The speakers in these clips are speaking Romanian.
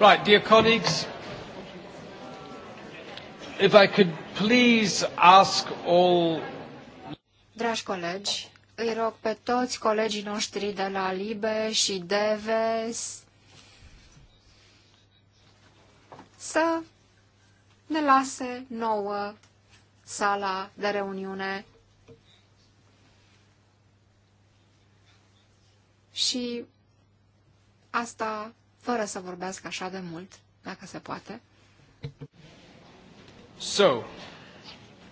Right, dear colleagues, if I could please ask all... Dragi colegi, îi rog pe toți colegii noștri de la Libe și Deves să ne lase nouă sala de reuniune și asta fără să vorbească așa de mult, dacă se poate. So,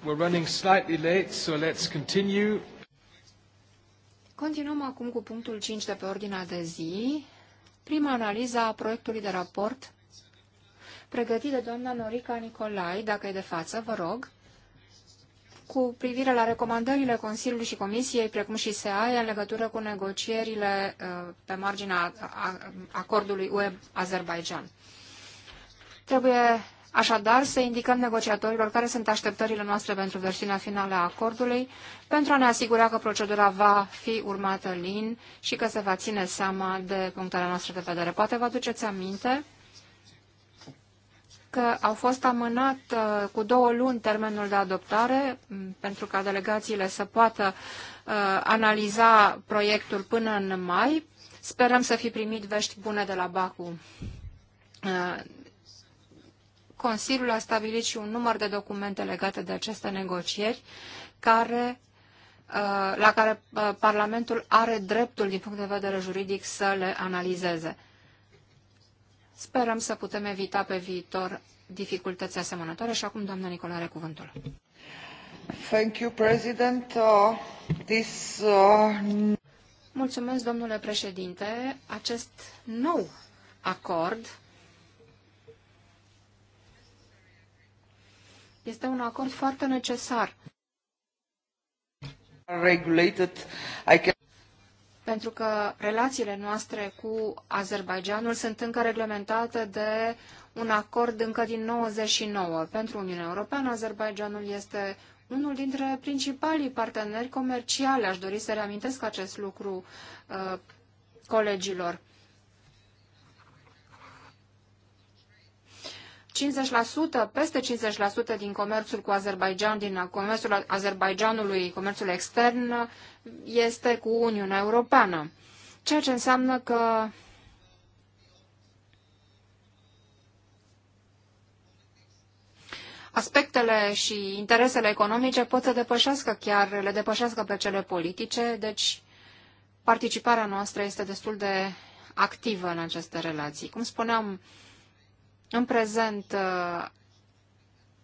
we're running slightly late, so let's continue. Continuăm acum cu punctul 5 de pe ordinea de zi. Prima analiză a proiectului de raport pregătit de doamna Norica Nicolai, dacă e de față, vă rog cu privire la recomandările Consiliului și Comisiei, precum și SEAE, în legătură cu negocierile uh, pe marginea acordului UE-Azerbaidjan. Trebuie Așadar, să indicăm negociatorilor care sunt așteptările noastre pentru versiunea finală a acordului, pentru a ne asigura că procedura va fi urmată lin și că se va ține seama de punctele noastre de vedere. Poate vă aduceți aminte că au fost amânat uh, cu două luni termenul de adoptare mm, pentru ca delegațiile să poată uh, analiza proiectul până în mai. Sperăm să fi primit vești bune de la Baku. Uh, Consiliul a stabilit și un număr de documente legate de aceste negocieri care la care Parlamentul are dreptul, din punct de vedere juridic, să le analizeze. Sperăm să putem evita pe viitor dificultăți asemănătoare și acum doamna Nicolae are cuvântul. Thank you, President. Uh, this, uh... Mulțumesc, domnule președinte. Acest nou acord este un acord foarte necesar. Regulated, I can pentru că relațiile noastre cu Azerbaijanul sunt încă reglementate de un acord încă din 99. Pentru Uniunea Europeană, Azerbaijanul este unul dintre principalii parteneri comerciali. Aș dori să reamintesc acest lucru uh, colegilor. 50%, peste 50% din comerțul cu Azerbaijan, din comerțul Azerbaijanului, comerțul extern, este cu Uniunea Europeană. Ceea ce înseamnă că aspectele și interesele economice pot să depășească chiar, le depășească pe cele politice, deci participarea noastră este destul de activă în aceste relații. Cum spuneam, în prezent uh,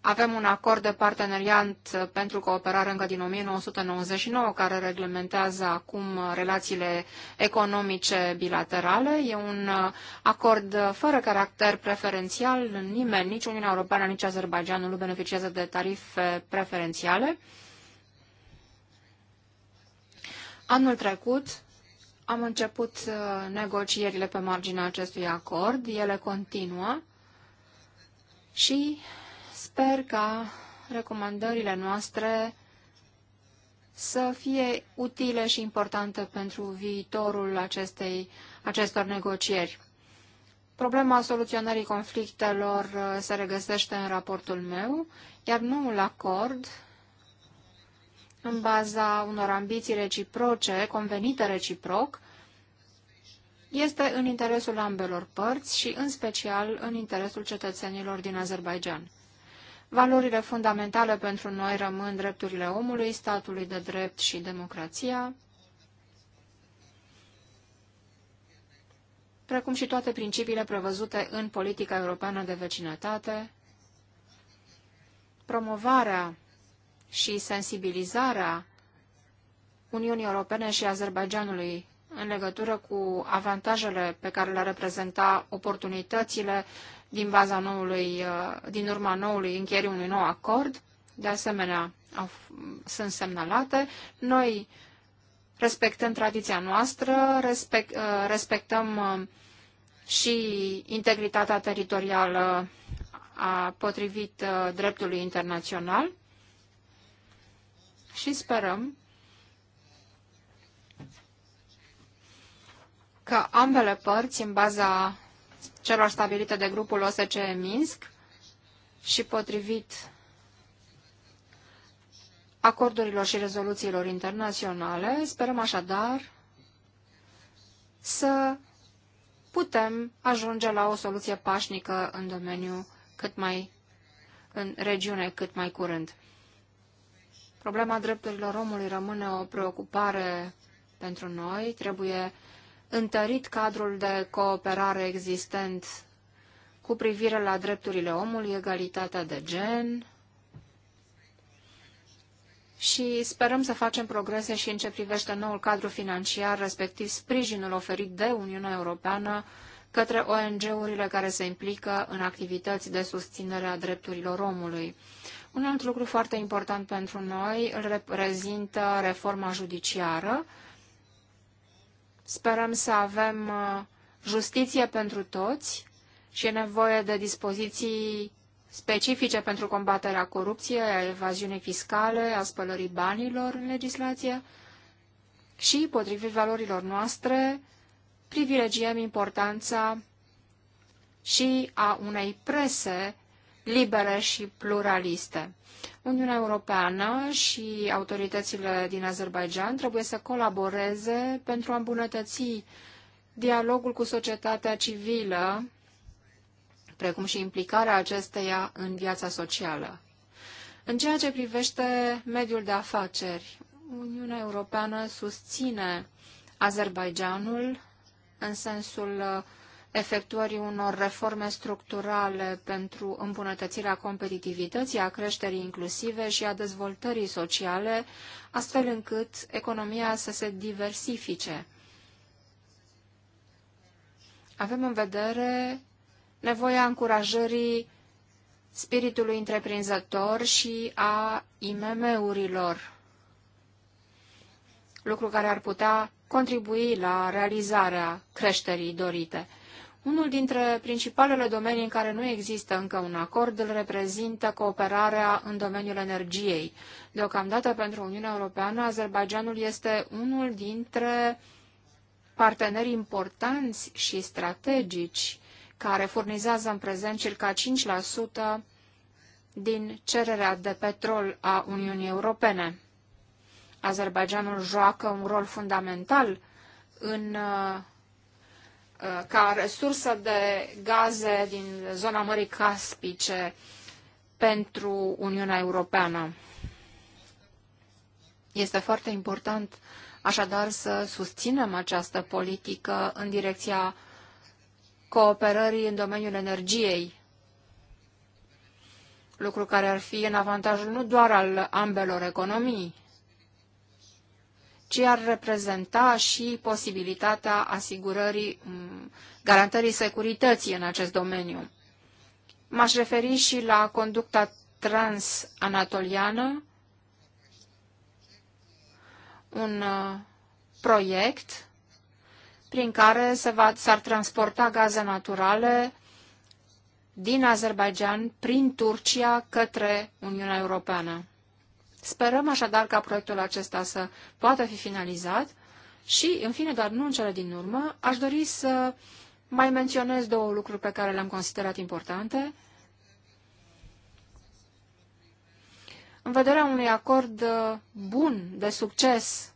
avem un acord de parteneriat pentru cooperare încă din 1999, care reglementează acum relațiile economice bilaterale. E un uh, acord fără caracter preferențial. Nimeni, nici Uniunea Europeană, nici Azerbaijanul nu beneficiază de tarife preferențiale. Anul trecut am început uh, negocierile pe marginea acestui acord. Ele continuă și sper ca recomandările noastre să fie utile și importante pentru viitorul acestei, acestor negocieri. Problema soluționării conflictelor uh, se regăsește în raportul meu, iar noul acord, în baza unor ambiții reciproce, convenite reciproc, este în interesul ambelor părți și în special în interesul cetățenilor din Azerbaijan. Valorile fundamentale pentru noi rămân drepturile omului, statului de drept și democrația, precum și toate principiile prevăzute în politica europeană de vecinătate, promovarea și sensibilizarea Uniunii Europene și Azerbaijanului în legătură cu avantajele pe care le reprezenta oportunitățile din, baza noului, uh, din urma noului încheierii unui nou acord. De asemenea, au, sunt semnalate. Noi respectăm tradiția noastră, respect, uh, respectăm uh, și integritatea teritorială a potrivit dreptului internațional și sperăm că ambele părți, în baza celor stabilite de grupul OSCE Minsk și potrivit acordurilor și rezoluțiilor internaționale, sperăm așadar să putem ajunge la o soluție pașnică în domeniu cât mai, în regiune cât mai curând. Problema drepturilor omului rămâne o preocupare pentru noi. Trebuie întărit cadrul de cooperare existent cu privire la drepturile omului, egalitatea de gen și sperăm să facem progrese și în ce privește noul cadru financiar, respectiv sprijinul oferit de Uniunea Europeană către ONG-urile care se implică în activități de susținere a drepturilor omului. Un alt lucru foarte important pentru noi îl reprezintă reforma judiciară, Sperăm să avem uh, justiție pentru toți și e nevoie de dispoziții specifice pentru combaterea corupției, a evaziunii fiscale, a spălării banilor în legislație și, potrivit valorilor noastre, privilegiem importanța și a unei prese libere și pluraliste. Uniunea Europeană și autoritățile din Azerbaijan trebuie să colaboreze pentru a îmbunătăți dialogul cu societatea civilă, precum și implicarea acesteia în viața socială. În ceea ce privește mediul de afaceri, Uniunea Europeană susține Azerbaijanul în sensul uh, efectuării unor reforme structurale pentru îmbunătățirea competitivității, a creșterii inclusive și a dezvoltării sociale, astfel încât economia să se diversifice. Avem în vedere nevoia încurajării spiritului întreprinzător și a IMM-urilor, lucru care ar putea contribui la realizarea creșterii dorite. Unul dintre principalele domenii în care nu există încă un acord îl reprezintă cooperarea în domeniul energiei. Deocamdată pentru Uniunea Europeană, Azerbaijanul este unul dintre parteneri importanți și strategici care furnizează în prezent circa 5% din cererea de petrol a Uniunii Europene. Azerbaijanul joacă un rol fundamental în uh, Uh, ca resursă de gaze din zona Mării Caspice pentru Uniunea Europeană. Este foarte important așadar să susținem această politică în direcția cooperării în domeniul energiei, lucru care ar fi în avantajul nu doar al ambelor economii, ce ar reprezenta și posibilitatea asigurării, garantării securității în acest domeniu. M-aș referi și la conducta transanatoliană, un uh, proiect prin care se va, s-ar transporta gaze naturale din Azerbaijan prin Turcia către Uniunea Europeană. Sperăm așadar ca proiectul acesta să poată fi finalizat și, în fine, dar nu în cele din urmă, aș dori să mai menționez două lucruri pe care le-am considerat importante. În vederea unui acord uh, bun, de succes,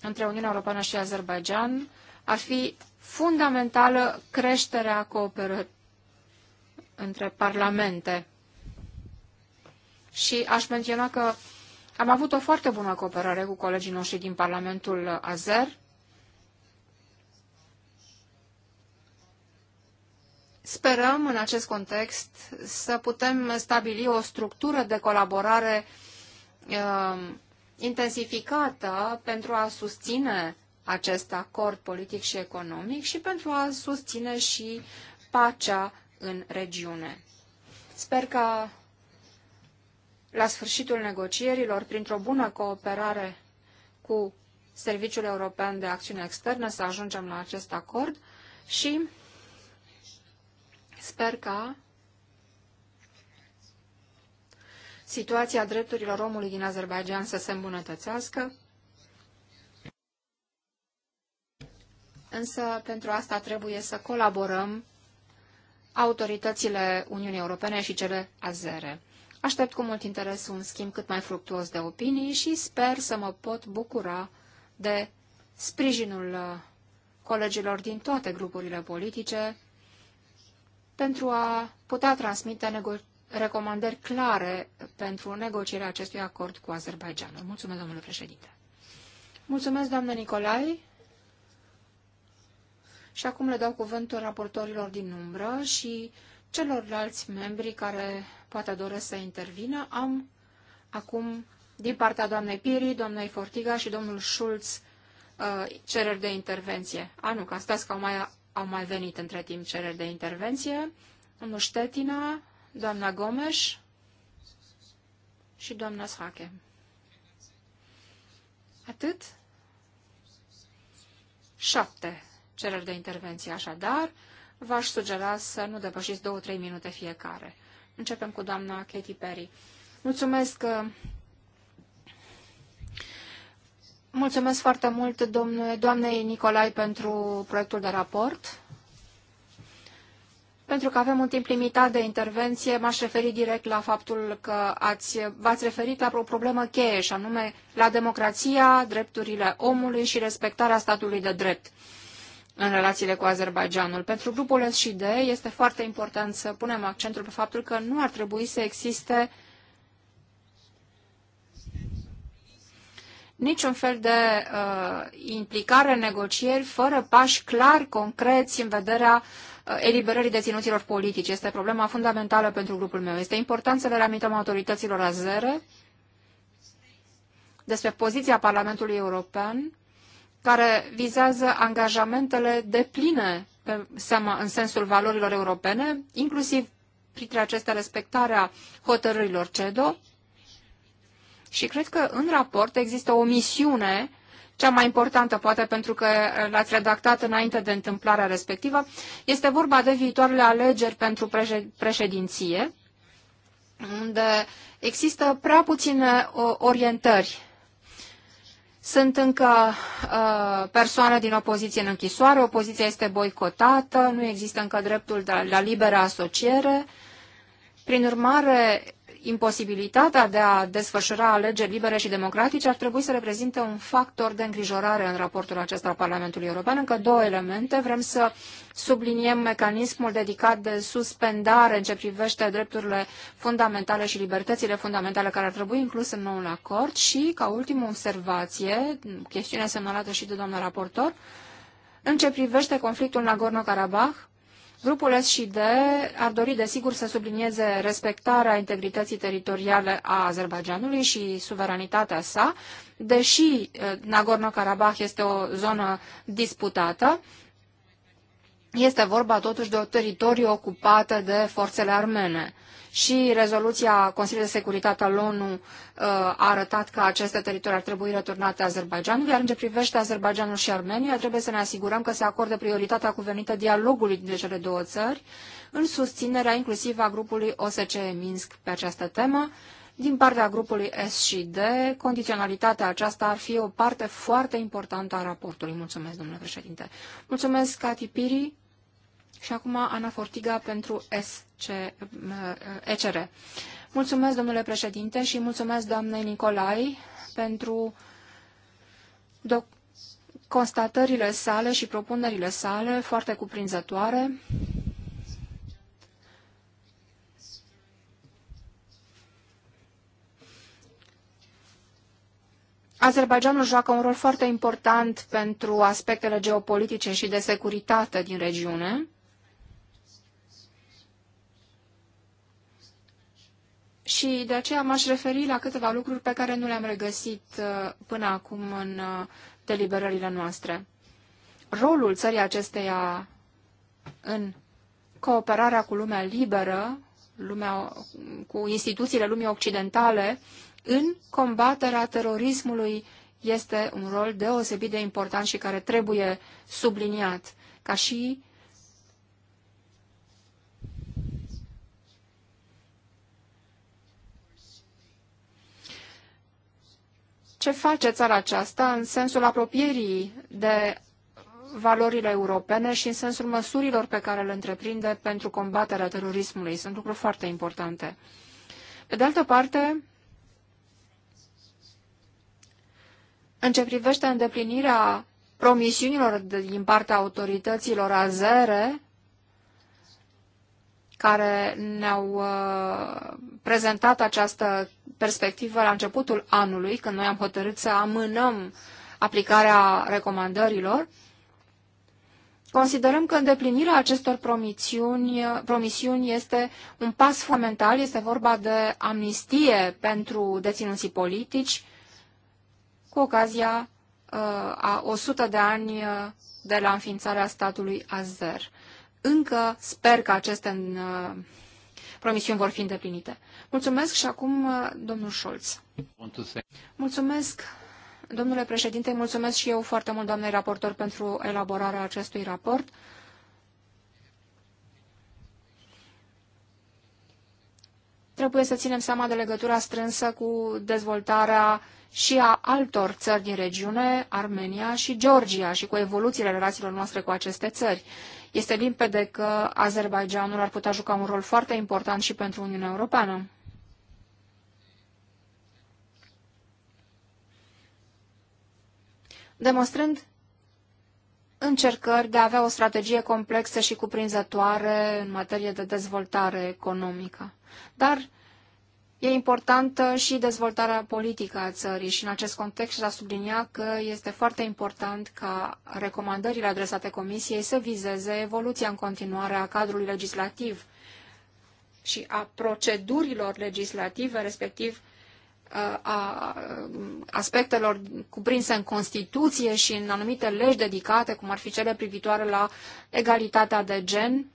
între Uniunea Europeană și Azerbaijan, ar fi fundamentală creșterea cooperării între parlamente și aș menționa că am avut o foarte bună cooperare cu colegii noștri din Parlamentul Azer. Sperăm în acest context să putem stabili o structură de colaborare uh, intensificată pentru a susține acest acord politic și economic și pentru a susține și pacea în regiune. Sper că la sfârșitul negocierilor, printr-o bună cooperare cu Serviciul European de Acțiune Externă, să ajungem la acest acord și sper ca situația drepturilor omului din Azerbaijan să se îmbunătățească. Însă, pentru asta trebuie să colaborăm autoritățile Uniunii Europene și cele azere. Aștept cu mult interes un schimb cât mai fructuos de opinii și sper să mă pot bucura de sprijinul uh, colegilor din toate grupurile politice pentru a putea transmite recomandări clare pentru negocierea acestui acord cu Azerbaijanul. Mulțumesc, domnule președinte. Mulțumesc, doamnă Nicolai. Și acum le dau cuvântul raportorilor din umbră și Celorlalți membri care poate doresc să intervină, am acum din partea doamnei Piri, doamnei Fortiga și domnul Schulz uh, cereri de intervenție. A, nu, că stați că au mai, au mai venit între timp cereri de intervenție. Domnul Ștetina, doamna Gomes și doamna Srache. Atât? Șapte cereri de intervenție, așadar v-aș sugera să nu depășiți 2-3 minute fiecare. Începem cu doamna Katy Perry. Mulțumesc uh, Mulțumesc foarte mult domnule, doamnei Nicolai pentru proiectul de raport. Pentru că avem un timp limitat de intervenție, m-aș referi direct la faptul că ați, v-ați referit la o problemă cheie, și anume la democrația, drepturile omului și respectarea statului de drept în relațiile cu Azerbaijanul. Pentru grupul SID este foarte important să punem accentul pe faptul că nu ar trebui să existe niciun fel de uh, implicare în negocieri fără pași clar, concreți, în vederea uh, eliberării deținuților politici. Este problema fundamentală pentru grupul meu. Este important să le reamintăm autorităților azere despre poziția Parlamentului European care vizează angajamentele de pline pe seama, în sensul valorilor europene, inclusiv printre acestea respectarea hotărârilor CEDO. Și cred că în raport există o misiune, cea mai importantă poate pentru că l-ați redactat înainte de întâmplarea respectivă, este vorba de viitoarele alegeri pentru președinție, unde există prea puține orientări sunt încă uh, persoane din opoziție în închisoare, opoziția este boicotată, nu există încă dreptul de, la liberă asociere. Prin urmare, imposibilitatea de a desfășura alegeri libere și democratice ar trebui să reprezinte un factor de îngrijorare în raportul acesta al Parlamentului European. Încă două elemente. Vrem să subliniem mecanismul dedicat de suspendare în ce privește drepturile fundamentale și libertățile fundamentale care ar trebui incluse în noul acord și, ca ultimă observație, chestiunea semnalată și de doamna raportor, în ce privește conflictul Nagorno-Karabakh, Grupul SCD ar dori, desigur, să sublinieze respectarea integrității teritoriale a Azerbaijanului și suveranitatea sa, deși eh, Nagorno-Karabakh este o zonă disputată, este vorba totuși de o teritoriu ocupată de forțele armene și rezoluția Consiliului de Securitate al ONU uh, a arătat că aceste teritorii ar trebui returnate Azerbaijanului, iar în ce privește Azerbaijanul și Armenia, trebuie să ne asigurăm că se acordă prioritatea cuvenită dialogului dintre cele două țări, în susținerea inclusiv a grupului OSCE Minsk pe această temă, din partea grupului S și D, condiționalitatea aceasta ar fi o parte foarte importantă a raportului. Mulțumesc, domnule președinte. Mulțumesc, Cati Piri. Și acum Ana Fortiga pentru SC, ECR. Eh, mulțumesc, domnule președinte, și mulțumesc doamnei Nicolai pentru constatările sale și propunerile sale foarte cuprinzătoare. Azerbaidjanul joacă un rol foarte important pentru aspectele geopolitice și de securitate din regiune. și de aceea m-aș referi la câteva lucruri pe care nu le-am regăsit uh, până acum în uh, deliberările noastre. Rolul țării acesteia în cooperarea cu lumea liberă, lumea, cu instituțiile lumii occidentale, în combaterea terorismului este un rol deosebit de important și care trebuie subliniat, ca și ce face țara aceasta în sensul apropierii de valorile europene și în sensul măsurilor pe care le întreprinde pentru combaterea terorismului. Sunt lucruri foarte importante. Pe de altă parte, în ce privește îndeplinirea promisiunilor din partea autorităților azere, care ne-au uh, prezentat această perspectivă la începutul anului, când noi am hotărât să amânăm aplicarea recomandărilor, Considerăm că îndeplinirea acestor promisiuni, promisiuni este un pas fundamental, este vorba de amnistie pentru deținuții politici cu ocazia uh, a 100 de ani uh, de la înființarea statului Azer. Încă sper că aceste uh, promisiuni vor fi îndeplinite. Mulțumesc și acum uh, domnul Scholz. Mulțumesc, domnule președinte, mulțumesc și eu foarte mult, doamnei raportor, pentru elaborarea acestui raport. Trebuie să ținem seama de legătura strânsă cu dezvoltarea și a altor țări din regiune, Armenia și Georgia, și cu evoluțiile relațiilor noastre cu aceste țări. Este limpede că Azerbaijanul ar putea juca un rol foarte important și pentru Uniunea Europeană. demonstrând încercări de a avea o strategie complexă și cuprinzătoare în materie de dezvoltare economică. Dar e importantă și dezvoltarea politică a țării și în acest context s-a subliniat că este foarte important ca recomandările adresate Comisiei să vizeze evoluția în continuare a cadrului legislativ și a procedurilor legislative, respectiv a aspectelor cuprinse în Constituție și în anumite legi dedicate, cum ar fi cele privitoare la egalitatea de gen,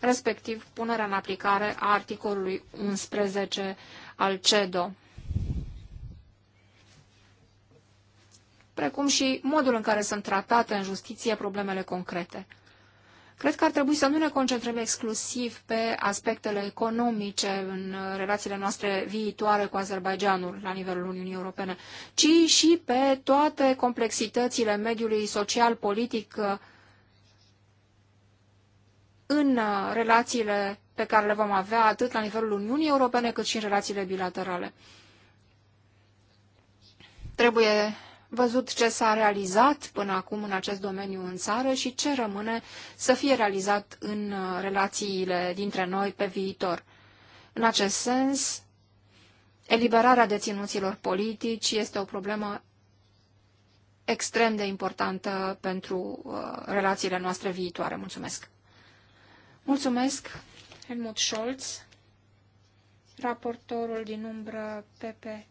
respectiv punerea în aplicare a articolului 11 al CEDO, precum și modul în care sunt tratate în justiție problemele concrete. Cred că ar trebui să nu ne concentrăm exclusiv pe aspectele economice în relațiile noastre viitoare cu Azerbaijanul la nivelul Uniunii Europene, ci și pe toate complexitățile mediului social, politic, în relațiile pe care le vom avea atât la nivelul Uniunii Europene cât și în relațiile bilaterale. Trebuie văzut ce s-a realizat până acum în acest domeniu în țară și ce rămâne să fie realizat în uh, relațiile dintre noi pe viitor. În acest sens, eliberarea deținuților politici este o problemă extrem de importantă pentru uh, relațiile noastre viitoare. Mulțumesc! Mulțumesc, Helmut Scholz, raportorul din umbră PPE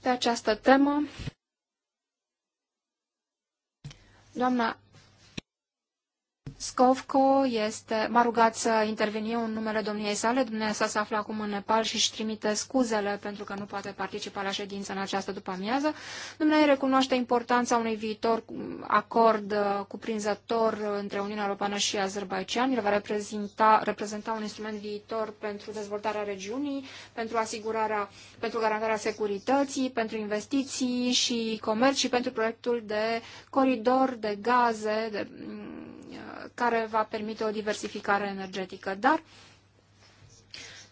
pe această temă. Doamna Scovco este, m-a rugat să intervin în numele domniei sale. Dumneavoastră se află acum în Nepal și își trimite scuzele pentru că nu poate participa la ședință în această după-amiază. Dumneavoastră recunoaște importanța unui viitor acord uh, cuprinzător între Uniunea Europeană și Azerbaijan. El va reprezenta, reprezenta un instrument viitor pentru dezvoltarea regiunii, pentru asigurarea, pentru garantarea securității, pentru investiții și comerț și pentru proiectul de coridor de gaze, de care va permite o diversificare energetică. Dar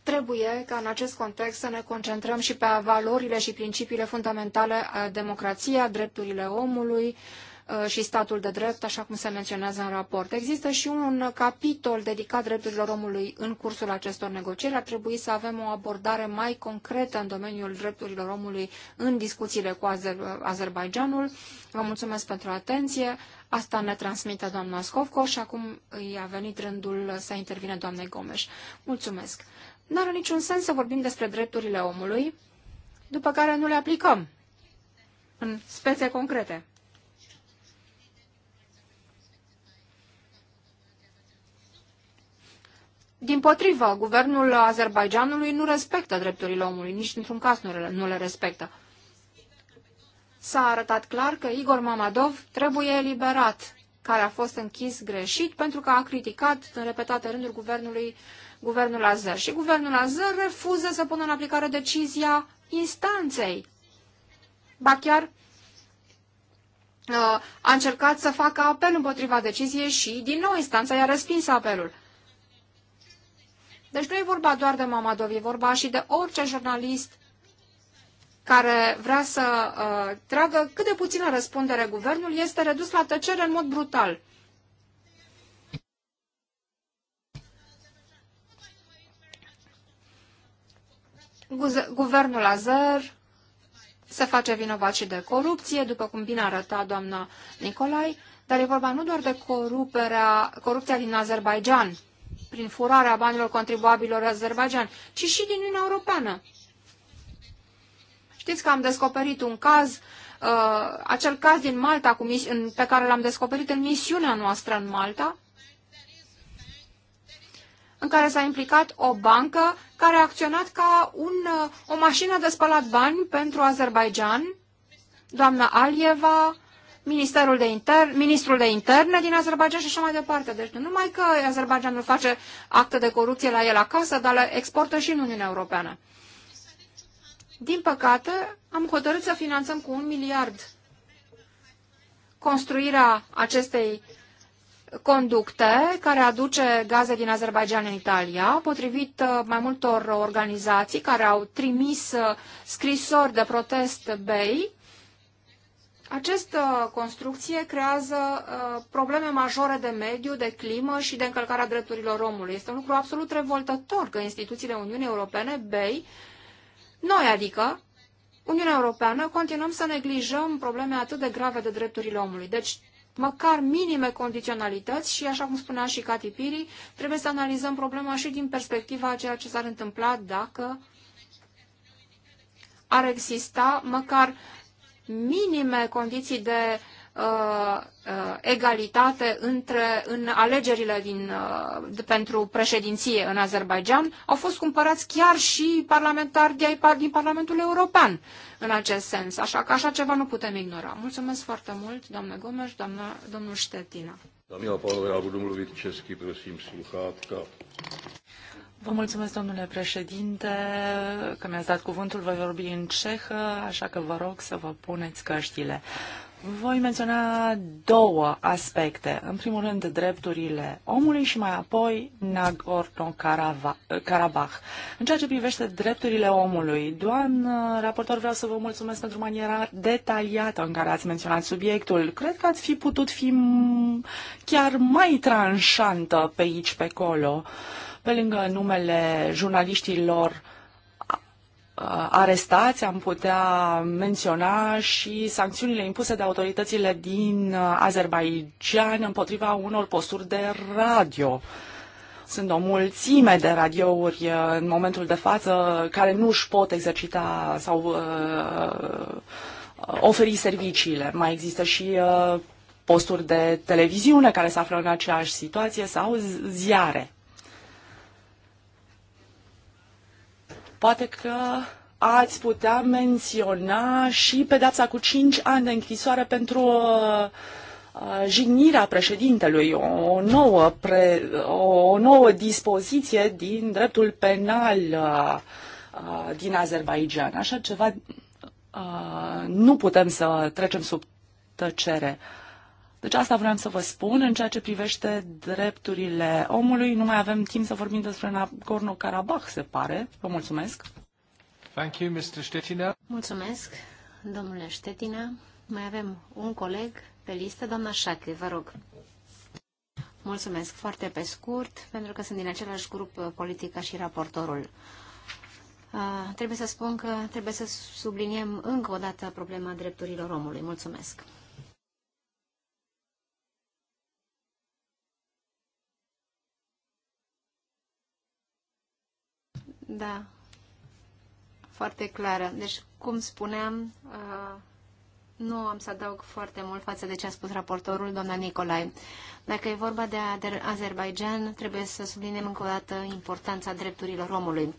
trebuie ca în acest context să ne concentrăm și pe valorile și principiile fundamentale a democrației, drepturile omului, uh, Uh, și statul de drept, așa cum se menționează în raport. Există și un capitol dedicat drepturilor omului în cursul acestor negocieri. Ar trebui să avem o abordare mai concretă în domeniul drepturilor omului în discuțiile cu Azer- Azerbaijanul. Vă mulțumesc pentru atenție. Asta ne transmite doamna Scovco și acum îi a venit rândul să intervine doamnei Gomes. Mulțumesc. Nu are niciun sens să vorbim despre drepturile omului, după care nu le aplicăm în spețe concrete. Din potrivă, guvernul Azerbaijanului nu respectă drepturile omului, nici într-un caz nu, nu le respectă. S-a arătat clar că Igor Mamadov trebuie eliberat, care a fost închis greșit pentru că a criticat în repetate rânduri guvernului, guvernul Azer. Și guvernul Azer refuză să pună în aplicare decizia instanței. Ba chiar uh, a încercat să facă apel împotriva deciziei și, din nou, instanța i-a respins apelul. Deci nu e vorba doar de Mamadov, e vorba și de orice jurnalist care vrea să uh, tragă cât de puțină răspundere guvernul, este redus la tăcere în mod brutal. Guvernul Azăr se face vinovat și de corupție, după cum bine arăta doamna Nicolai, dar e vorba nu doar de coruperea, corupția din Azerbaijan, prin furarea banilor contribuabilor Azerbaijan, ci și din Uniunea Europeană. Știți că am descoperit un caz, uh, acel caz din Malta cu în, pe care l-am descoperit în misiunea noastră în Malta, în care s-a implicat o bancă care a acționat ca un, uh, o mașină de spălat bani pentru Azerbaijan. Doamna Alieva ministerul de inter, ministrul de interne din Azerbaijan și așa mai departe. Deci nu numai că Azerbaijanul face acte de corupție la el acasă, dar le exportă și în Uniunea Europeană. Din păcate, am hotărât să finanțăm cu un miliard construirea acestei conducte care aduce gaze din Azerbaijan în Italia, potrivit uh, mai multor organizații care au trimis uh, scrisori de protest BEI, această construcție creează uh, probleme majore de mediu, de climă și de încălcarea drepturilor omului. Este un lucru absolut revoltător că instituțiile Uniunii Europene, BEI, noi adică, Uniunea Europeană, continuăm să neglijăm probleme atât de grave de drepturile omului. Deci, măcar minime condiționalități și, așa cum spunea și Cati Piri, trebuie să analizăm problema și din perspectiva a ceea ce s-ar întâmpla dacă ar exista măcar minime condiții de uh, uh, egalitate între, în alegerile din, uh, de, pentru președinție în Azerbaijan, au fost cumpărați chiar și parlamentari de, din Parlamentul European în acest sens. Așa că așa ceva nu putem ignora. Mulțumesc foarte mult, doamne Gomes, doamna, domnul Ștetina. Dámy a pánové, já budu Vă mulțumesc, domnule președinte, că mi-ați dat cuvântul. Voi vorbi în cehă, așa că vă rog să vă puneți căștile. Voi menționa două aspecte. În primul rând, drepturile omului și mai apoi Nagorno-Karabakh. În ceea ce privește drepturile omului, doamnă raportor, vreau să vă mulțumesc pentru maniera detaliată în care ați menționat subiectul. Cred că ați fi putut fi chiar mai tranșantă pe aici, pe acolo. Uh, pe lângă numele jurnaliștilor arestați, am putea menționa și sancțiunile impuse de autoritățile din Azerbaijan împotriva unor posturi de radio. Sunt o mulțime de radiouri în momentul de față care nu își pot exercita sau uh, uh oferi serviciile. Mai există și uh, posturi de televiziune care se află în aceeași situație sau ziare. Poate că ați putea menționa și pedața cu 5 ani de închisoare pentru uh, uh, jignirea președintelui, o nouă, pre, o nouă dispoziție din dreptul penal uh, uh din Azerbaijan. Așa ceva uh, nu putem să trecem sub tăcere. Uh, deci asta vreau să vă spun. În ceea ce privește drepturile omului, nu mai avem timp să vorbim despre Nagorno-Karabakh, se pare. Vă mulțumesc. Thank you, Mr. Stetina. Mulțumesc, domnule Ștetina. Mai avem un coleg pe listă, doamna Șache, vă rog. Mulțumesc foarte pe scurt, pentru că sunt din același grup politic ca și raportorul. Uh, trebuie să spun că trebuie să subliniem încă o dată problema drepturilor omului. Mulțumesc. Da, foarte clară. Deci, cum spuneam, uh, nu am să adaug foarte mult față de ce a spus raportorul, doamna Nicolai. Dacă e vorba de Azerbaijan, trebuie să subliniem încă o dată importanța drepturilor omului.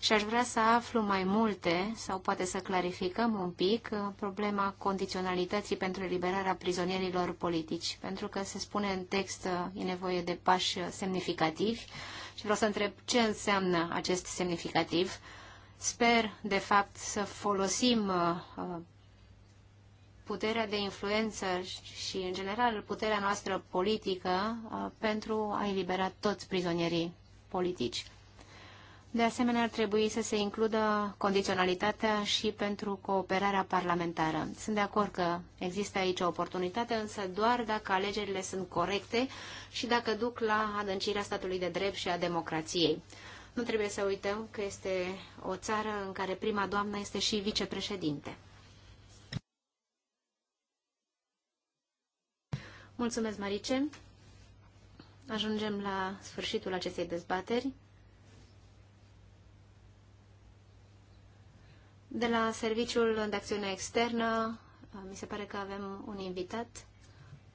Și aș vrea să aflu mai multe, sau poate să clarificăm un pic, uh, problema condiționalității pentru eliberarea prizonierilor politici. Pentru că se spune în text, uh, e nevoie de pași semnificativi și vreau să întreb ce înseamnă acest semnificativ. Sper, de fapt, să folosim uh, puterea de influență și, în general, puterea noastră politică uh, pentru a elibera toți prizonierii politici. De asemenea, ar trebui să se includă condiționalitatea și pentru cooperarea parlamentară. Sunt de acord că există aici o oportunitate, însă doar dacă alegerile sunt corecte și dacă duc la adâncirea statului de drept și a democrației. Nu trebuie să uităm că este o țară în care prima doamnă este și vicepreședinte. Mulțumesc, Marice. Ajungem la sfârșitul acestei dezbateri. De la Serviciul de Acțiune Externă, uh, mi se pare că avem un invitat,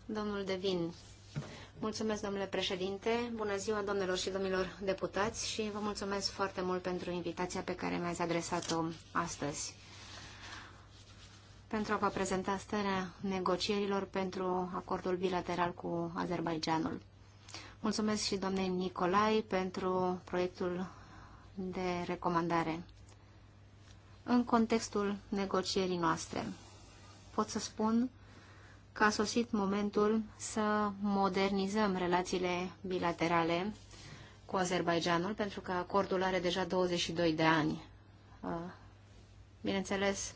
domnul Devin. Mulțumesc, domnule președinte. Bună ziua, domnilor și domnilor deputați și vă mulțumesc foarte mult pentru invitația pe care mi-ați adresat-o astăzi pentru a vă prezenta starea negocierilor pentru acordul bilateral cu Azerbaijanul. Mulțumesc și domnei Nicolai pentru proiectul de recomandare în contextul negocierii noastre. Pot să spun că a sosit momentul să modernizăm relațiile bilaterale cu Azerbaijanul, pentru că acordul are deja 22 de ani. Uh, bineînțeles,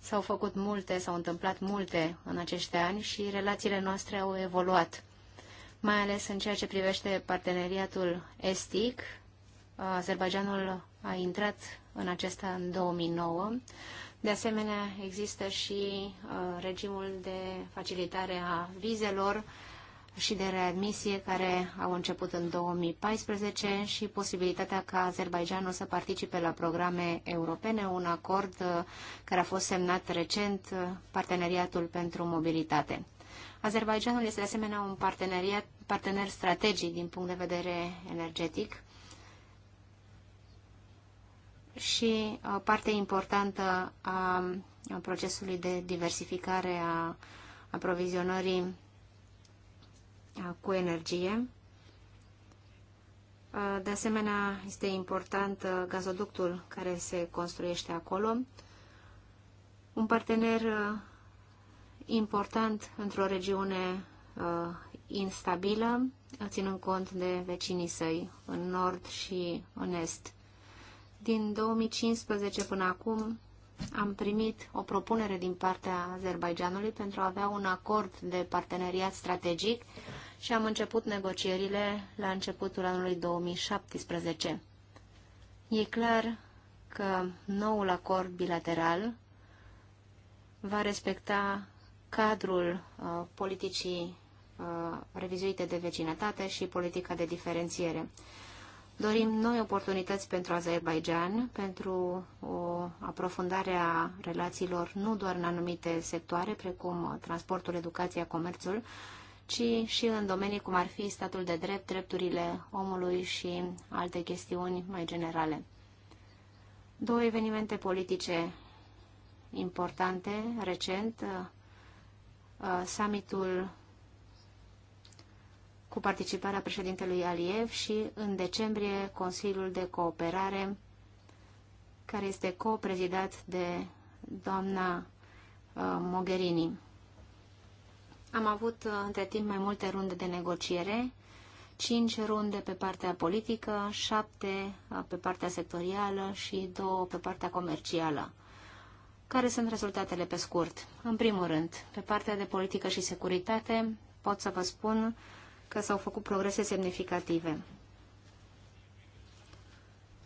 s-au făcut multe, s-au întâmplat multe în acești ani și relațiile noastre au evoluat, mai ales în ceea ce privește parteneriatul estic. Uh, Azerbaijanul a intrat în acesta an 2009. De asemenea, există și uh, regimul de facilitare a vizelor și de readmisie care au început în 2014 și posibilitatea ca Azerbaijanul să participe la programe europene, un acord uh, care a fost semnat recent, uh, Parteneriatul pentru Mobilitate. Azerbaijanul este de asemenea un parteneriat, partener strategic din punct de vedere energetic și o uh, parte importantă a procesului de diversificare a aprovizionării cu energie. De asemenea, este important uh, gazoductul care se construiește acolo. Un partener uh, important într-o regiune instabilă, ținând cont de vecinii săi în nord și în est. Din 2015 până acum am primit o propunere din partea Azerbaijanului pentru a avea un acord de parteneriat strategic și am început negocierile la începutul anului 2017. E clar că noul acord bilateral va respecta cadrul uh, politicii uh, revizuite de vecinătate și politica de diferențiere. Dorim noi oportunități pentru Azerbaijan, pentru o aprofundare a relațiilor nu doar în anumite sectoare, precum uh, transportul, educația, comerțul, ci și în domenii cum ar fi statul de drept, drepturile omului și alte chestiuni mai generale. Două evenimente politice importante recent, uh, summitul cu participarea președintelui Aliev și în decembrie Consiliul de Cooperare, care este coprezidat de doamna uh, Mogherini. Am avut uh, între timp mai multe runde de negociere, cinci runde pe partea politică, 7 uh, pe partea sectorială și două pe partea comercială. Care sunt rezultatele pe scurt? În primul rând, pe partea de politică și securitate, pot să vă spun că s-au făcut progrese semnificative.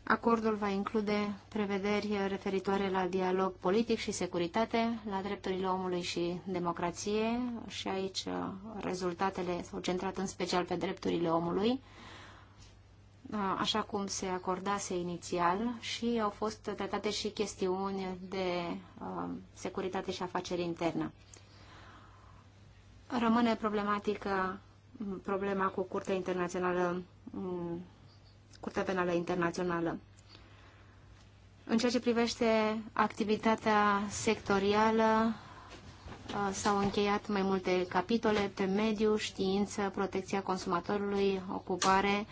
Acordul va include prevederi referitoare la dialog politic și securitate, la drepturile omului și democrație și aici uh, rezultatele s-au centrat în special pe drepturile omului, uh, așa cum se acordase inițial și au fost tratate și chestiuni de uh, securitate și afaceri internă. Rămâne problematică problema cu Curtea Internațională, mm, Curtea Penală Internațională. În ceea ce privește activitatea sectorială, s-au încheiat mai multe capitole pe mediu, știință, protecția consumatorului, ocupare,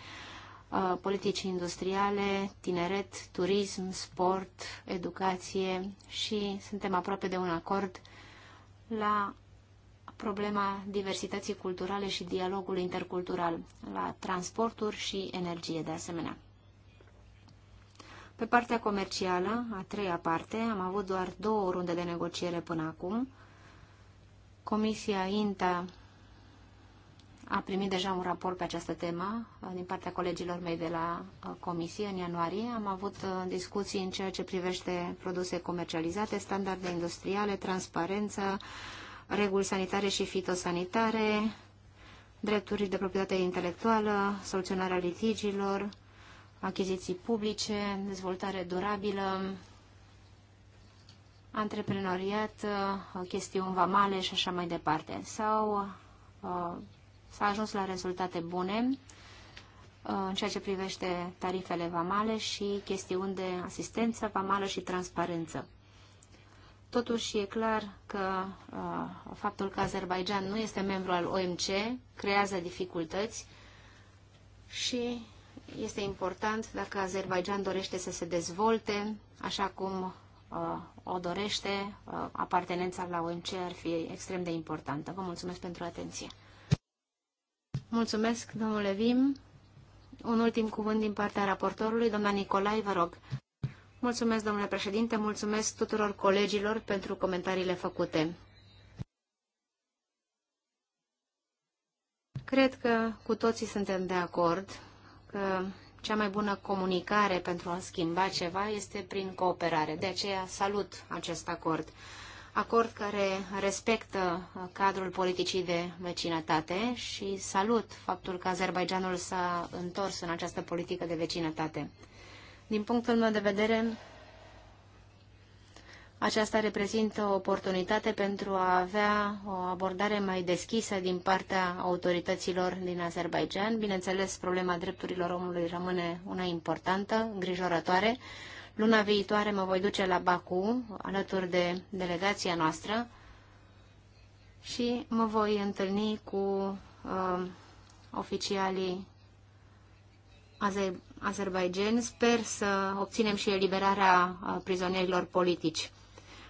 politici industriale, tineret, turism, sport, educație și suntem aproape de un acord la problema diversității culturale și dialogul intercultural, la transporturi și energie de asemenea. Pe partea comercială, a treia parte, am avut doar două runde de negociere până acum. Comisia INTA a primit deja un raport pe această temă uh, din partea colegilor mei de la uh, comisie în ianuarie. Am avut uh, discuții în ceea ce privește produse comercializate, standarde industriale, transparență, reguli sanitare și fitosanitare, drepturi de proprietate intelectuală, soluționarea litigiilor, achiziții publice, dezvoltare durabilă, antreprenoriat, chestiuni vamale și așa mai departe. Sau uh, s-a ajuns la rezultate bune uh, în ceea ce privește tarifele vamale și chestiuni de asistență vamală și transparență. Totuși e clar că uh, faptul că Azerbaijan nu este membru al OMC creează dificultăți și este important dacă Azerbaijan dorește să se dezvolte așa cum uh, o dorește, uh, apartenența la OMC ar fi extrem de importantă. Vă mulțumesc pentru atenție. Mulțumesc, domnule Vim. Un ultim cuvânt din partea raportorului, doamna Nicolai, vă rog. Mulțumesc, domnule președinte, mulțumesc tuturor colegilor pentru comentariile făcute. Cred că cu toții suntem de acord că cea mai bună comunicare pentru a schimba ceva este prin cooperare. De aceea salut acest acord. Acord care respectă cadrul politicii de vecinătate și salut faptul că Azerbaijanul s-a întors în această politică de vecinătate. Din punctul meu de vedere, aceasta reprezintă o oportunitate pentru a avea o abordare mai deschisă din partea autorităților din Azerbaijan. Bineînțeles, problema drepturilor omului rămâne una importantă, îngrijorătoare. Luna viitoare mă voi duce la Baku, alături de delegația noastră, și mă voi întâlni cu uh, oficialii Azer Azerbaijan. Sper să obținem și eliberarea prizonierilor politici.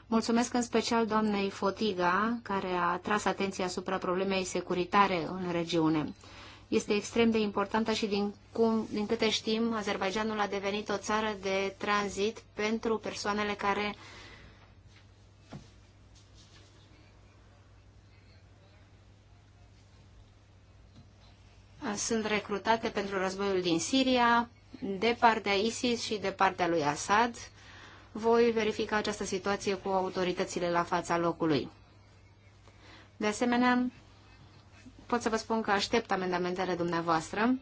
Mulțumesc în special doamnei Fotiga, care a tras atenția asupra problemei securitare în regiune. Este extrem de importantă și din, cum, din câte știm, Azerbaijanul a devenit o țară de tranzit pentru persoanele care uh, sunt recrutate pentru războiul din Siria, de partea ISIS și de partea lui Assad. Voi verifica această situație cu autoritățile la fața locului. De asemenea, pot să vă spun că aștept amendamentele dumneavoastră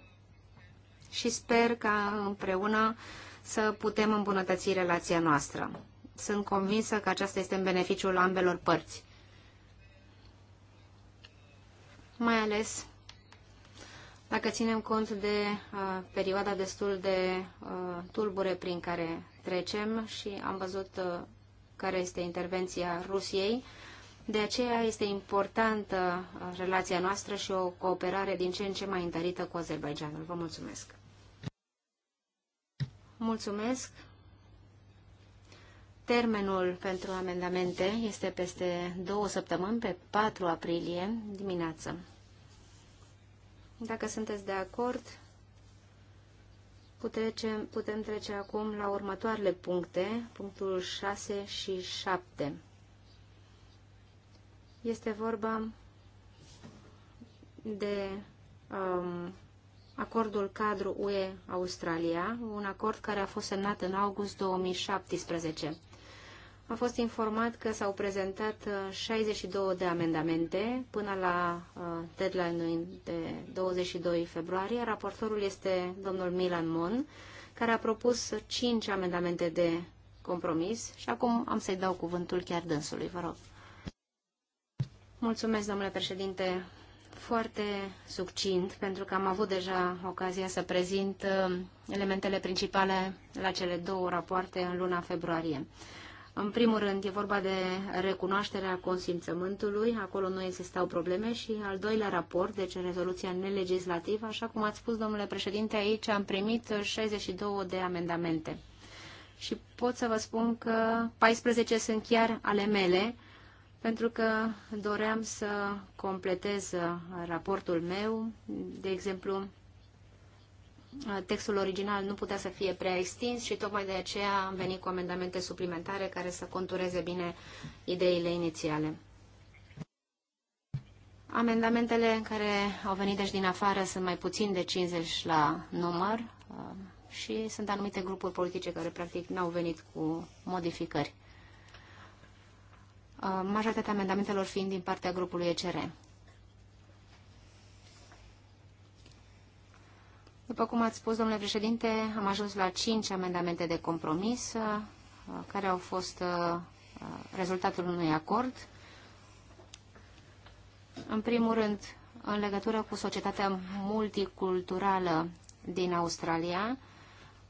și sper ca împreună să putem îmbunătăți relația noastră. Sunt convinsă că aceasta este în beneficiul ambelor părți. Mai ales dacă ținem cont de uh, perioada destul de uh, tulbure prin care trecem și am văzut uh, care este intervenția Rusiei, de aceea este importantă uh, relația noastră și o cooperare din ce în ce mai întărită cu Azerbaijanul. Vă mulțumesc! Mulțumesc! Termenul pentru amendamente este peste două săptămâni, pe 4 aprilie dimineață. Dacă sunteți de acord, putem, putem trece acum la următoarele puncte, punctul 6 și 7. Este vorba de um, acordul cadru UE-Australia, un acord care a fost semnat în august 2017. Am fost informat că s-au prezentat 62 uh, de amendamente până la uh, deadline-ul de 22 februarie. Raportorul este domnul Milan Mon, care a propus 5 amendamente de compromis și acum am să-i dau cuvântul chiar dânsului, vă rog. Mulțumesc, domnule președinte, foarte succint, pentru că am avut deja ocazia să prezint uh, elementele principale la cele două rapoarte în luna februarie. În primul rând, e vorba de recunoașterea consimțământului, acolo nu existau probleme și al doilea raport, deci rezoluția nelegislativă, așa cum ați spus, domnule președinte, aici am primit 62 de amendamente. Și pot să vă spun că 14 sunt chiar ale mele, pentru că doream să completez raportul meu, de exemplu, textul original nu putea să fie prea extins și tocmai de aceea am venit cu amendamente suplimentare care să contureze bine ideile inițiale. Amendamentele care au venit deci din afară sunt mai puțin de 50 la număr uh, și sunt anumite grupuri politice care practic n-au venit cu modificări. Uh, majoritatea amendamentelor fiind din partea grupului ECR. După cum ați spus, domnule președinte, am ajuns la cinci amendamente de compromis uh, care au fost uh, uh, rezultatul unui acord. În primul rând, în legătură cu societatea multiculturală din Australia,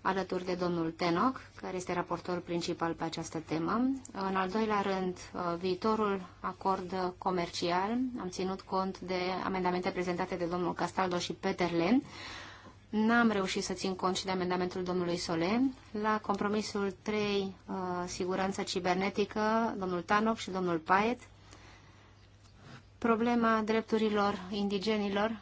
alături de domnul Tenoc, care este raportor principal pe această temă. În al doilea rând, viitorul acord comercial. Am ținut cont de amendamente prezentate de domnul Castaldo și Peterlen. N-am reușit să țin cont și de amendamentul domnului Solen. La compromisul 3, uh, siguranță cibernetică, domnul Tanov și domnul Paet, problema drepturilor indigenilor,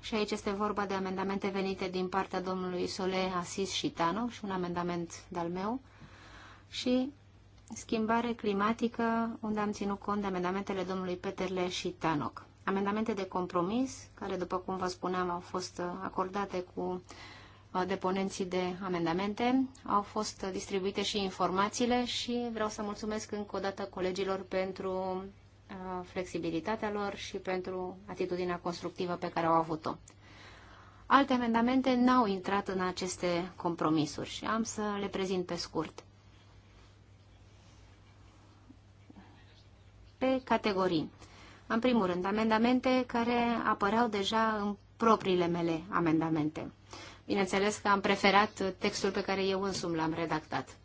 și aici este vorba de amendamente venite din partea domnului Sole, Asis și Tanoc și un amendament de-al meu, și schimbare climatică, unde am ținut cont de amendamentele domnului Peterle și Tanoc amendamente de compromis, care, după cum vă spuneam, au fost uh, acordate cu uh, deponenții de amendamente. Au fost distribuite și informațiile și vreau să mulțumesc încă o dată colegilor pentru uh, flexibilitatea lor și pentru atitudinea constructivă pe care au avut-o. Alte amendamente n-au intrat în aceste compromisuri și am să le prezint pe scurt. Pe categorii. În primul rând, amendamente care apăreau deja în propriile mele amendamente. Bineînțeles că am preferat textul pe care eu însumi l-am redactat.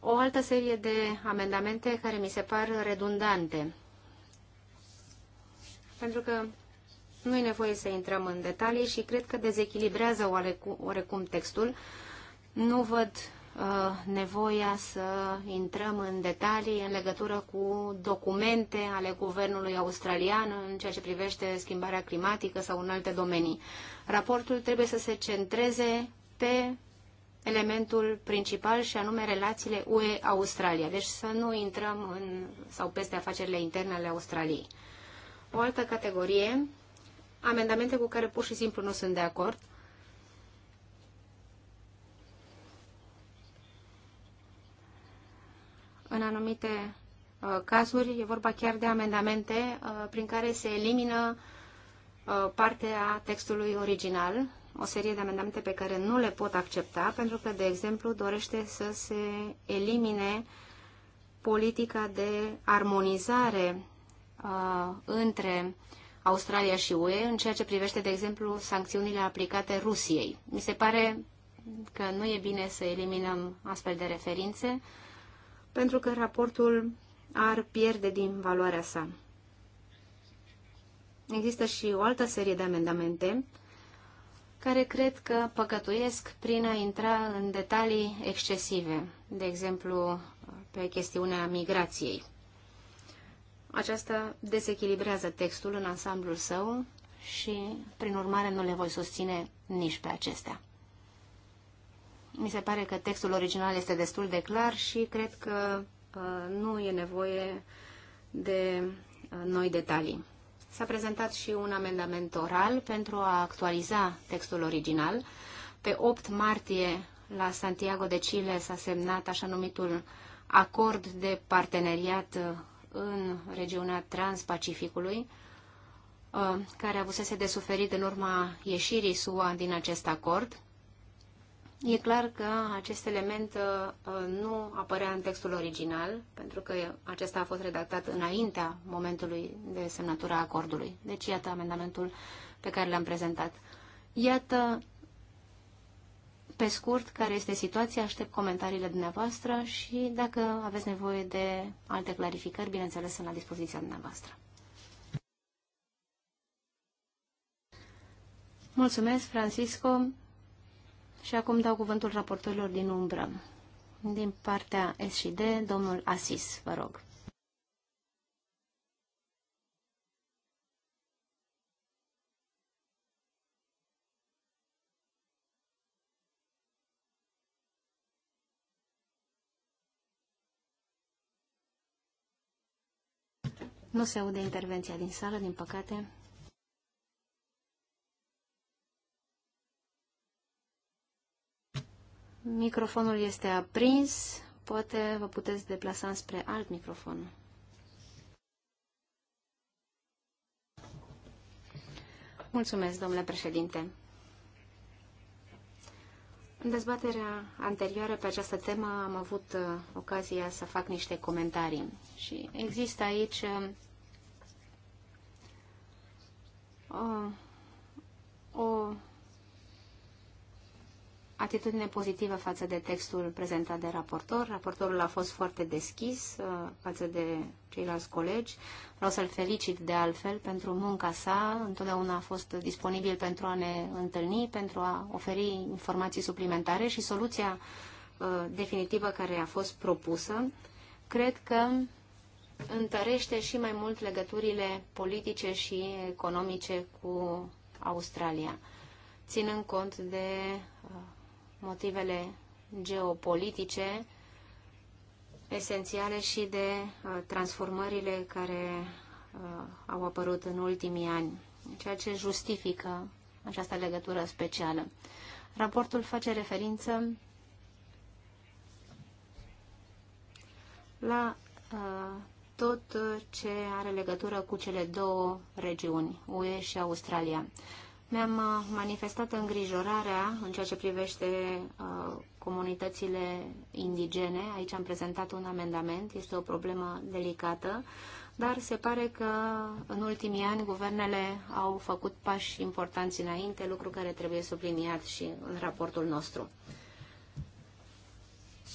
O altă serie de amendamente care mi se par redundante. Pentru că nu e nevoie să intrăm în detalii și cred că dezechilibrează oarecum textul. Nu văd Uh, nevoia să intrăm în detalii în legătură cu documente ale guvernului australian în ceea ce privește schimbarea climatică sau în alte domenii. Raportul trebuie să se centreze pe elementul principal și anume relațiile UE-Australia, deci să nu intrăm în sau peste afacerile interne ale Australiei. O altă categorie, amendamente cu care pur și simplu nu sunt de acord, în anumite uh, cazuri e vorba chiar de amendamente uh, prin care se elimină uh, partea textului original, o serie de amendamente pe care nu le pot accepta, pentru că, de exemplu, dorește să se elimine politica de armonizare între Australia și UE în ceea ce privește, de exemplu, sancțiunile aplicate Rusiei. Mi se pare că nu e bine să eliminăm astfel de referințe, pentru că raportul ar pierde din valoarea sa. Există și o altă serie de amendamente care cred că păcătuiesc prin a intra în detalii excesive, de exemplu pe chestiunea migrației. Aceasta desechilibrează textul în ansamblul său și, prin urmare, nu le voi susține nici pe acestea. Mi se pare că textul original este destul de clar și cred că uh, nu e nevoie de uh, noi detalii. S-a prezentat și un amendament oral pentru a actualiza textul original. Pe 8 martie, la Santiago de Chile, s-a semnat așa numitul acord de parteneriat uh, în regiunea Transpacificului, care avusese de suferit în urma ieșirii SUA din acest acord. E clar că acest element uh, uh, nu apărea în textul original, pentru că acesta a fost redactat înaintea momentului de semnătura acordului. Deci, iată amendamentul pe care l-am prezentat. Iată, pe scurt, care este situația, aștept comentariile dumneavoastră și dacă aveți nevoie de alte clarificări, bineînțeles, sunt la dispoziția dumneavoastră. Mulțumesc, Francisco. Și acum dau cuvântul raportorilor din umbră. Din partea S și D, domnul Asis, vă rog. Nu se aude intervenția din sală, din păcate. Microfonul este aprins. Poate vă puteți deplasa spre alt microfon. Mulțumesc, domnule președinte. În dezbaterea anterioară pe această temă am avut uh, ocazia să fac niște comentarii și există aici uh, o, o atitudine pozitivă față de textul prezentat de raportor. Raportorul a fost foarte deschis uh, față de ceilalți colegi. Vreau să-l felicit de altfel pentru munca sa. Întotdeauna a fost disponibil pentru a ne întâlni, pentru a oferi informații suplimentare și soluția uh, definitivă care a fost propusă. Cred că întărește și mai mult legăturile politice și economice cu Australia, ținând cont de uh, motivele geopolitice esențiale și de uh, transformările care uh, au apărut în ultimii ani, ceea ce justifică această legătură specială. Raportul face referință la uh, tot ce are legătură cu cele două regiuni, UE și Australia. Mi-am uh, manifestat îngrijorarea în ceea ce privește uh, comunitățile indigene. Aici am prezentat un amendament, este o problemă delicată, dar se pare că în ultimii ani guvernele au făcut pași importanți înainte, lucru care trebuie subliniat și în raportul nostru.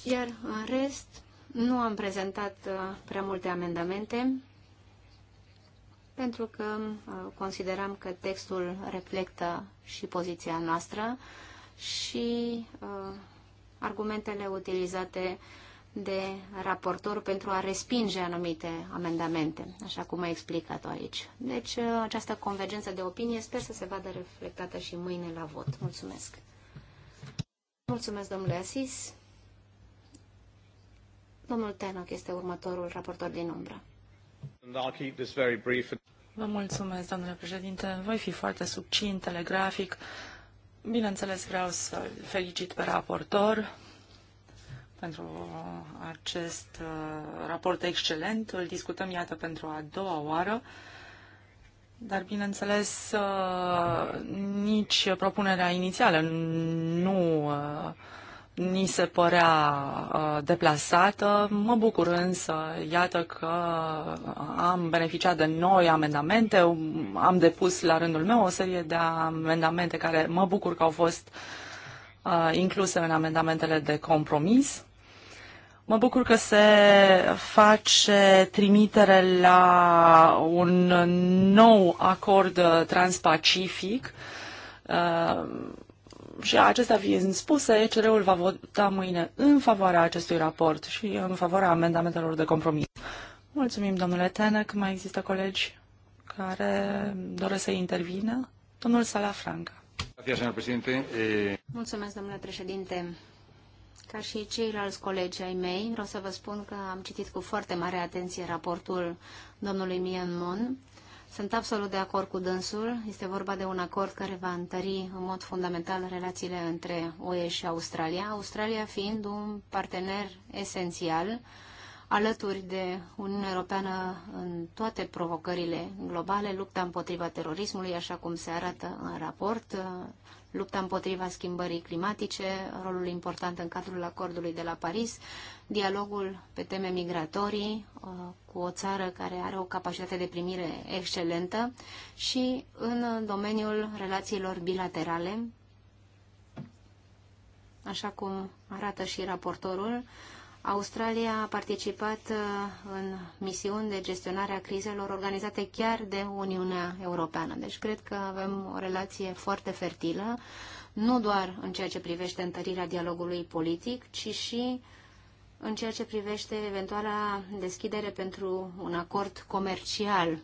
Iar în rest, nu am prezentat uh, prea multe amendamente pentru că uh, considerăm că textul reflectă și poziția noastră și uh, argumentele utilizate de raportor pentru a respinge anumite amendamente, așa cum a explicat-o aici. Deci uh, această convergență de opinie sper să se vadă reflectată și mâine la vot. Mulțumesc! Mulțumesc, domnule Asis. Domnul Tenoc este următorul raportor din umbră. Vă mulțumesc, domnule președinte. Voi fi foarte subțin, telegrafic. Bineînțeles, vreau să-l felicit pe raportor pentru acest uh, raport excelent. Îl discutăm, iată, pentru a doua oară. Dar, bineînțeles, uh, nici propunerea inițială nu uh, ni se părea uh, deplasată. Mă bucur însă, iată că uh, am beneficiat de noi amendamente, am depus la rândul meu o serie de amendamente care mă bucur că au fost uh, incluse în amendamentele de compromis. Mă bucur că se face trimitere la un nou acord transpacific și acestea fiind spuse, ECR-ul va vota mâine în favoarea acestui raport și în favoarea amendamentelor de compromis. Mulțumim, domnule Tenec. Mai există colegi care doresc să intervină? Domnul Salafranca. Eh, Mulțumesc, domnule președinte. Ca și ceilalți colegi ai mei, vreau să vă spun că am citit cu foarte mare atenție raportul domnului Mian Mon sunt absolut de acord cu dânsul. Este vorba de un acord care va întări în mod fundamental relațiile între UE și Australia, Australia fiind un partener esențial alături de Uniunea Europeană în toate provocările globale, lupta împotriva terorismului, așa cum se arată în raport, lupta împotriva schimbării climatice, rolul important în cadrul acordului de la Paris, dialogul pe teme migratorii uh, cu o țară care are o capacitate de primire excelentă și în domeniul relațiilor bilaterale, așa cum arată și raportorul, Australia a participat uh, în misiuni de gestionare a crizelor organizate chiar de Uniunea Europeană. Deci cred că avem o relație foarte fertilă, nu doar în ceea ce privește întărirea dialogului politic, ci și în ceea ce privește eventuala deschidere pentru un acord comercial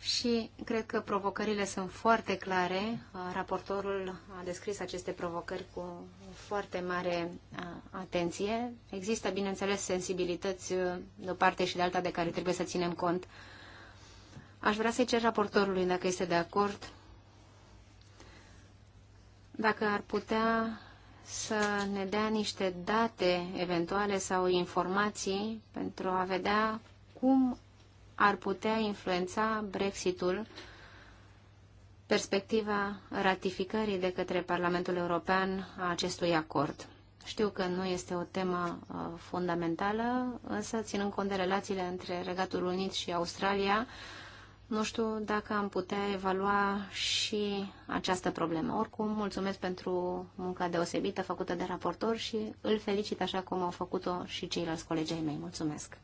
și cred că provocările sunt foarte clare. Uh, raportorul a descris aceste provocări cu foarte mare uh, atenție. Există, bineînțeles, sensibilități uh, de o parte și de alta de care trebuie să ținem cont. Aș vrea să-i cer raportorului dacă este de acord, dacă ar putea să ne dea niște date eventuale sau informații pentru a vedea cum ar putea influența Brexitul, perspectiva ratificării de către Parlamentul European a acestui acord. Știu că nu este o temă uh, fundamentală, însă ținând cont de relațiile între Regatul Unit și Australia, nu știu dacă am putea evalua și această problemă. Oricum, mulțumesc pentru munca deosebită făcută de raportor și îl felicit așa cum au făcut-o și ceilalți colegi ai mei. Mulțumesc!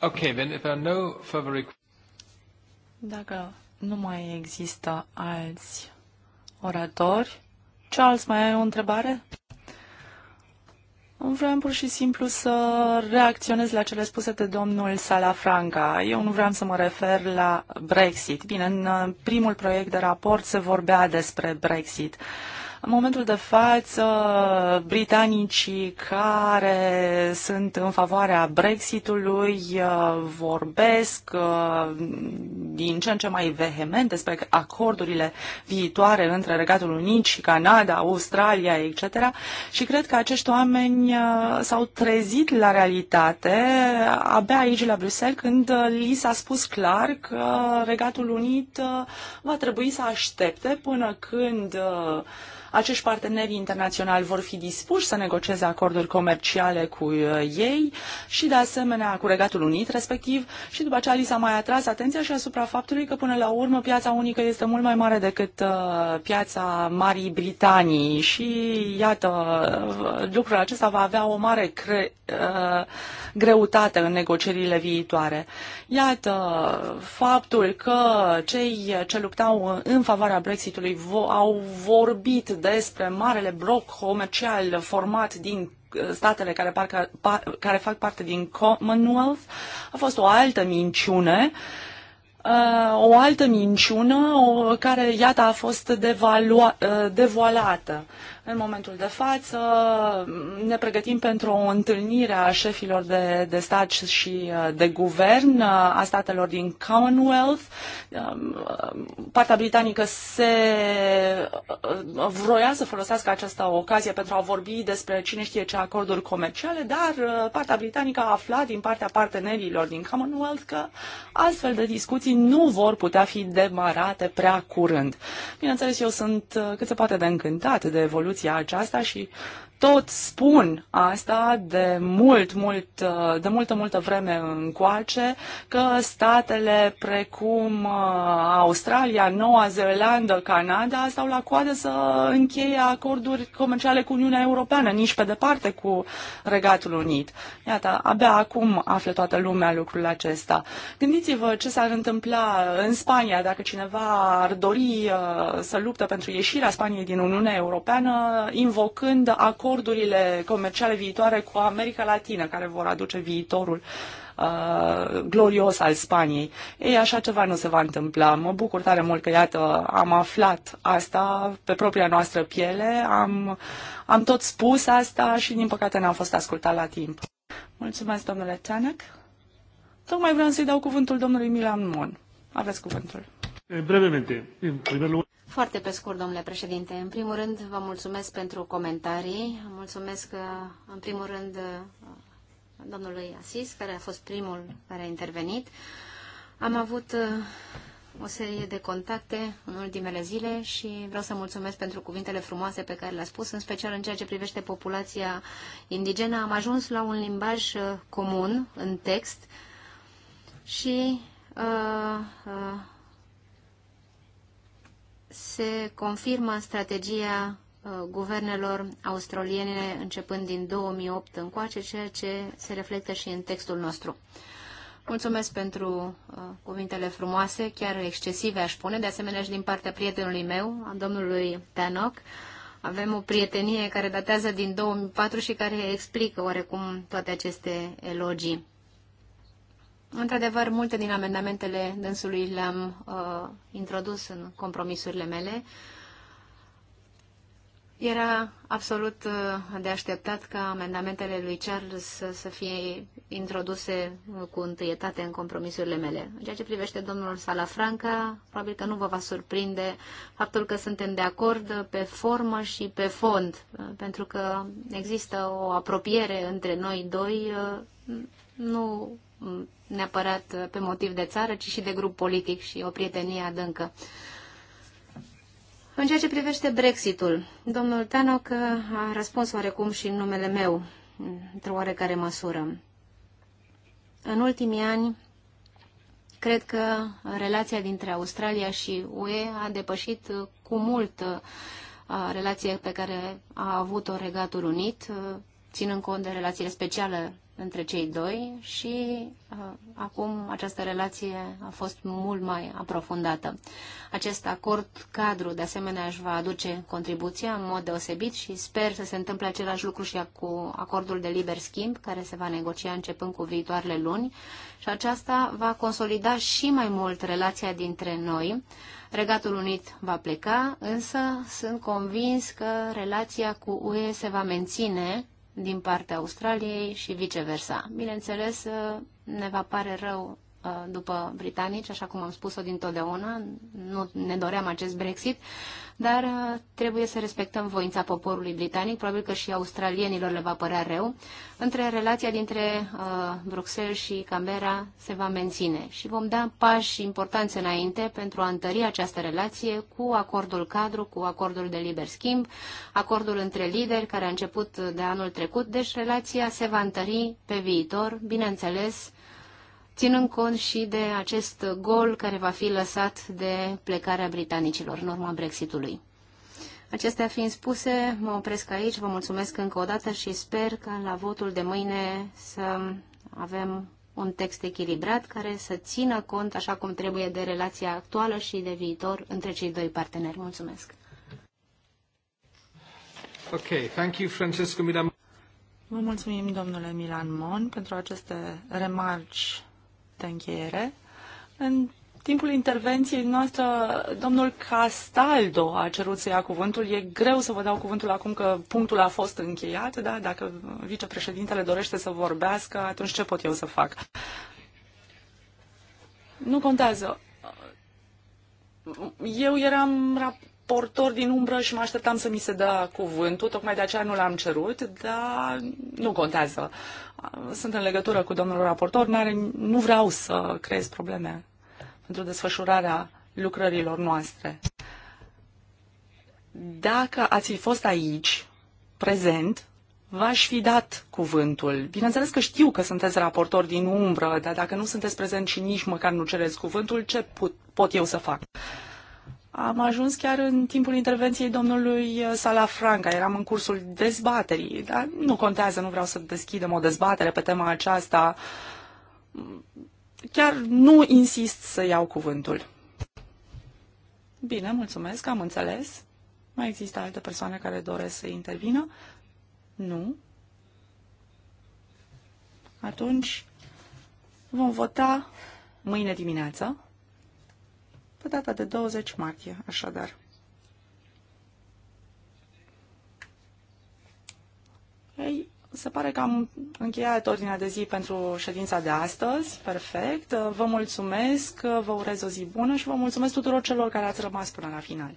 Okay, then if there are no further... Dacă nu mai există alți oratori, Charles, mai ai o întrebare? Vreau pur și simplu să reacționez la cele spuse de domnul Salafranca. Eu nu vreau să mă refer la Brexit. Bine, în primul proiect de raport se vorbea despre Brexit. Uh, în momentul de față, britanicii care sunt în favoarea Brexitului uh, vorbesc uh, din ce în ce mai vehement despre acordurile viitoare între Regatul Unit și Canada, Australia, etc. Și cred că acești oameni uh, s-au trezit la realitate abia aici la Bruxelles când li s-a spus clar că Regatul Unit va trebui să aștepte până când acești parteneri internaționali vor fi dispuși să negocieze acorduri comerciale cu uh, ei și, de asemenea, cu Regatul Unit, respectiv. Și după aceea li s-a mai atras atenția și asupra faptului că, până la urmă, piața unică este mult mai mare decât uh, piața Marii Britanii și, iată, lucrul acesta va avea o mare cre- uh, greutate în negocierile viitoare. Iată, faptul că cei ce luptau în favoarea Brexitului au vorbit despre marele bloc comercial format din uh, statele care, parcă, par, care fac parte din Commonwealth a fost o altă minciune uh, Uh, o altă minciună o, care, iată, a fost devalua, uh, devoalată. În momentul de față ne pregătim pentru o întâlnire a șefilor de, de stat și uh, de guvern a statelor din Commonwealth. Um, partea britanică se vroia să folosească această ocazie pentru a vorbi despre cine știe ce acorduri comerciale, dar partea britanică a aflat din partea partenerilor din Commonwealth că astfel de discuții investiții nu vor putea fi demarate prea curând. Bineînțeles, eu sunt uh, cât se poate de încântat de evoluția aceasta și tot spun asta de mult, mult, de multă, multă vreme încoace, că statele precum uh, Australia, Noua Zeelandă, Canada stau la coadă să încheie acorduri comerciale cu Uniunea Europeană, nici pe departe cu Regatul Unit. Iată, abia acum află toată lumea lucrul acesta. Gândiți-vă ce s-ar întâmpla în Spania dacă cineva ar dori uh, să luptă pentru ieșirea Spaniei din Uniunea Europeană, invocând acord acordurile comerciale viitoare cu America Latină, care vor aduce viitorul uh, glorios al Spaniei. Ei, așa ceva nu se va întâmpla. Mă bucur tare mult că, iată, am aflat asta pe propria noastră piele, am, am tot spus asta și, din păcate, n-am fost ascultat la timp. Mulțumesc, domnule Tanec. Tocmai vreau să-i dau cuvântul domnului Milan Mon. Aveți cuvântul. Brevemente, în primul foarte pe scurt, domnule președinte. În primul rând, vă mulțumesc pentru comentarii. Mulțumesc, uh, în primul rând, uh, domnului Asis, care a fost primul care a intervenit. Am avut uh, o serie de contacte în ultimele zile și vreau să mulțumesc pentru cuvintele frumoase pe care le-a spus, în special în ceea ce privește populația indigenă. Am ajuns la un limbaj comun în text și uh, uh, se confirmă strategia uh, guvernelor australiene începând din 2008 încoace, ceea ce se reflectă și în textul nostru. Mulțumesc pentru uh, cuvintele frumoase, chiar excesive aș spune, de asemenea și din partea prietenului meu, a domnului Tanoc. Avem o prietenie care datează din 2004 și care explică oarecum toate aceste elogii. Într-adevăr, multe din amendamentele dânsului le-am uh, introdus în compromisurile mele. Era absolut uh, de așteptat ca amendamentele lui Charles să, să fie introduse uh, cu întâietate în compromisurile mele. În ceea ce privește domnul Salafranca, probabil că nu vă va surprinde faptul că suntem de acord pe formă și pe fond, uh, pentru că există o apropiere între noi doi. Uh, nu neapărat pe motiv de țară, ci și de grup politic și o prietenie adâncă. În ceea ce privește Brexitul, domnul Tanoc a răspuns oarecum și în numele meu, într-o oarecare măsură. În ultimii ani, cred că relația dintre Australia și UE a depășit cu mult uh, relația pe care a avut-o Regatul Unit uh, ținând cont de relațiile speciale între cei doi și uh, acum această relație a fost mult mai aprofundată. Acest acord cadru, de asemenea, își va aduce contribuția în mod deosebit și sper să se întâmple același lucru și cu acordul de liber schimb, care se va negocia începând cu viitoarele luni și aceasta va consolida și mai mult relația dintre noi. Regatul Unit va pleca, însă sunt convins că relația cu UE se va menține din partea Australiei și viceversa. Bineînțeles, ne va pare rău Uh, după britanici, așa cum am spus-o dintotdeauna, nu ne doream acest Brexit, dar uh, trebuie să respectăm voința poporului britanic, probabil că și australienilor le va părea rău. Între relația dintre uh, Bruxelles și Canberra se va menține și vom da pași importanți înainte pentru a întări această relație cu acordul cadru, cu acordul de liber schimb, acordul între lideri care a început de anul trecut, deci relația se va întări pe viitor, bineînțeles, ținând cont și de acest gol care va fi lăsat de plecarea britanicilor în urma Brexitului. Acestea fiind spuse, mă opresc aici, vă mulțumesc încă o dată și sper că la votul de mâine să avem un text echilibrat care să țină cont așa cum trebuie de relația actuală și de viitor între cei doi parteneri. Mulțumesc! Ok, thank you, Francesco Milan. Vă mulțumim, domnule Milan Mon, pentru aceste remarci de încheiere. În timpul intervenției noastre, domnul Castaldo a cerut să ia cuvântul. E greu să vă dau cuvântul acum că punctul a fost încheiat, da? Dacă vicepreședintele dorește să vorbească, atunci ce pot eu să fac? Nu contează. Eu eram rap- Portor din umbră și mă așteptam să mi se dea cuvântul, tocmai de aceea nu l-am cerut, dar nu contează. Sunt în legătură cu domnul raportor, nu vreau să creez probleme pentru desfășurarea lucrărilor noastre. Dacă ați fi fost aici, prezent, v-aș fi dat cuvântul. Bineînțeles că știu că sunteți raportor din umbră, dar dacă nu sunteți prezent și nici măcar nu cereți cuvântul, ce pot eu să fac? Am ajuns chiar în timpul intervenției domnului uh, Salafranca, eram în cursul dezbaterii, dar nu contează, nu vreau să deschidem o dezbatere pe tema aceasta. Chiar nu insist să iau cuvântul. Bine, mulțumesc, am înțeles. Mai există alte persoane care doresc să intervină? Nu. Atunci vom vota mâine dimineață pe data de 20 martie, așadar. Ei, se pare că am încheiat ordinea de zi pentru ședința de astăzi. Perfect. Vă mulțumesc, vă urez o zi bună și vă mulțumesc tuturor celor care ați rămas până la final.